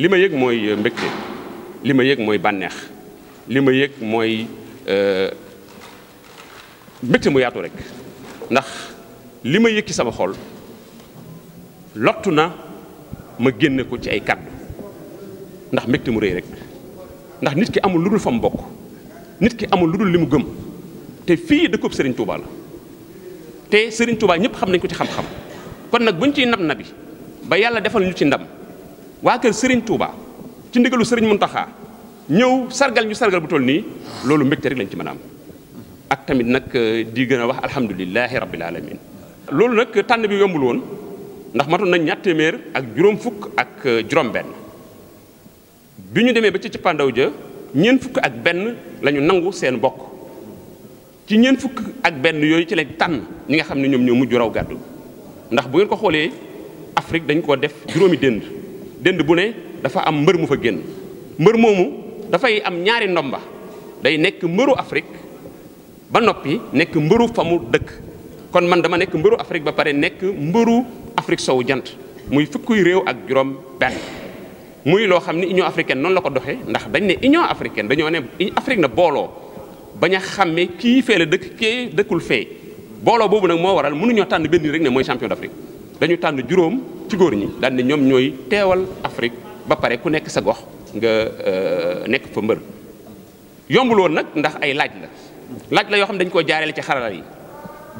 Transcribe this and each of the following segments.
li ma yéeg mooy euh, mbégte li ma yéeg mooy bànneex li ma yëg mooy euh, mbégte mu yaatu rek ndax li ma yëg ci sama xol lottu na ma génne ko ci ay kàdd ndax mbégte mu rëy rek ndax nit ki amul lu dul fa mu bokk nit ki amul lu dul li mu gëm te fii dëkkub Serigne Touba la te sëriñ Touba ñëpp xam nañ ko ci xam-xam kon nag buñ ciy nab nabi ba yàlla defal ñu ci ndam. waa kër sëriñ Touba ci sëriñ Serigne Mountakha ñëw sargal ñu sargal bu toll nii loolu mbégte rek lañ ci mën a am ak tamit nag euh, di gën a wax alhamdulilahi rabbil alamin loolu nag tànn bi yombul woon ndax matoon nañ ñatt téeméer ak juróom fukk ak euh, juróom-benn bi ñu demee ba ci cappaandaw ja ñeen fukk ak benn lañu nangu seen bokk ci ñeen fukk ak benn yooyu ci lañ tànn ñi nga xam ne ñoom ñoo mujj raw gàddu ndax bu ngeen ko xoolee Afrique dañ ko def juróomi dënd dënd bu ne dafa am mbër mu fa génn mbër moomu dafay am ñaari ndomba day nekk mbëru Afrique ba noppi nekk mbëru famu dëkk kon man dama nekk mbëru Afrique ba pare nekk mbëru Afrique sowu jant muy fukki réew ak juróom benn muy loo xam ne Union africaine noonu la ko doxee ndax dañ ne Union africaine dañoo Afrique na booloo bañ a xàmme kii fee la dëkk kee dëkkul fee booloo boobu nag moo waral mënuñoo tànn benn rek ne mooy champion d'Afrique dañu tànn juróom ci góor ñi daan ne ñoom ñooy teewal Afrique ba pare ku nekk sa gox nga euh, nekk fa mbër yombul nag ndax ay laaj la laaj la yoo xam ne dañu koo jaarale ci xarala yi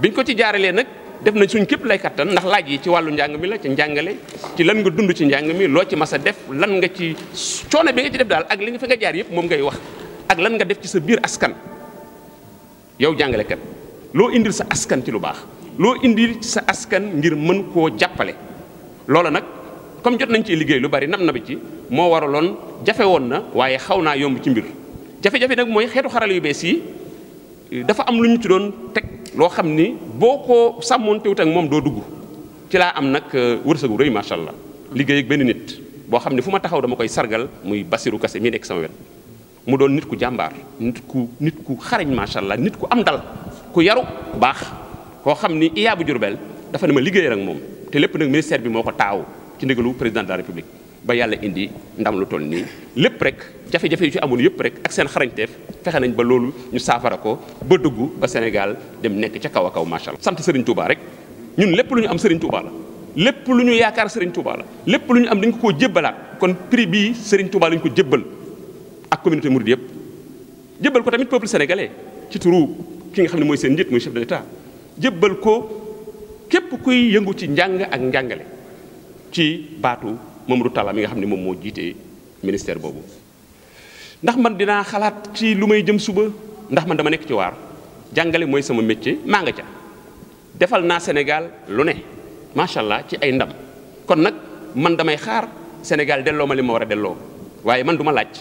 biñ ko ci jaaralee nag def na suñ képp lay kattan ndax laaj yi ci wàllu njàng mi la ci njàngale ci lan nga dund ci njàng mi loo ci mas a def lan nga ci coono bi nga ci def daal ak li nga fi nga jaar yëpp moom ngay wax ak lan nga def ci sa biir askan yow jàngalekat loo indil sa askan lu baax loo indi sa askan ngir mën koo jàppale loola nag comme jot nañ ci liggéey lu bari nam na bi ci moo waraloon jafe woon na waaye xaw naa yomb ci mbir jafe-jafe nag mooy xeetu xaral yu bees yi dafa am lu ñu ci doon teg loo xam ni boo ko sàmmoon teewut moom doo dugg ci laa am nag euh, wërsëgu rëy macha allah liggéey ak benn nit boo xam ne fu ma taxaw dama koy sargal muy Basiru Kase mii nekk sama wet mu doon nit ku jàmbaar nit ku nit ku xarañ macha allah nit ku am dal ku yaru baax koo xam ni iyaa bu Jurbel dafa ne ma liggéey ak moom te lépp nag ministère bi moo ko taaw ci ndigalu président de la république ba yàlla indi ndam lu toll nii lépp rek jafe-jafe yu ci amoon yëpp rek ak seen xarañteef fexe nañ ba loolu ñu saafara ko ba dugg ba Sénégal dem nekk ca kaw a kaw macha allah. sant Serigne Touba rek ñun lépp lu ñu am Serigne Touba la lépp lu ñu yaakaar Serigne Touba la lépp lu ñu am dañ ko koo jébbalaat kon prix bii Serigne Touba lañ ko jébbal ak communauté mouride yëpp jébbal ko tamit peuple sénégalais ci turu ki nga xam ne mooy seen njiit muy chef de jébbal ko képp kuy yëngu ci njàng ak njàngale ci baatu Mamadou Talla mi nga xam ne moom moo jiitee ministère boobu ndax man dinaa xalaat ci lu may jëm suba ndax man dama nekk ci waar jàngale mooy sama métier maa nga ca defal naa Sénégal lu ne macha allah ci ay ndam kon nag man damay xaar Sénégal delloo ma li ma war a delloo waaye man du ma laaj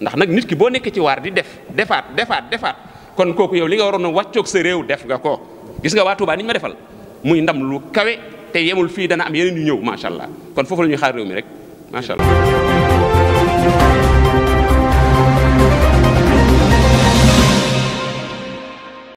ndax nag nit ki boo nekkee ci waar di def defaat defaat defaat kon kooku yow li nga waroon a wàccoog sa réew def nga ko gis nga waatu baa ni ma defal muy ndam lu kawe te yemul fii dana am yeneen yu ñëw macha kon foofu la ñuy xaar réew mi rek macha allah.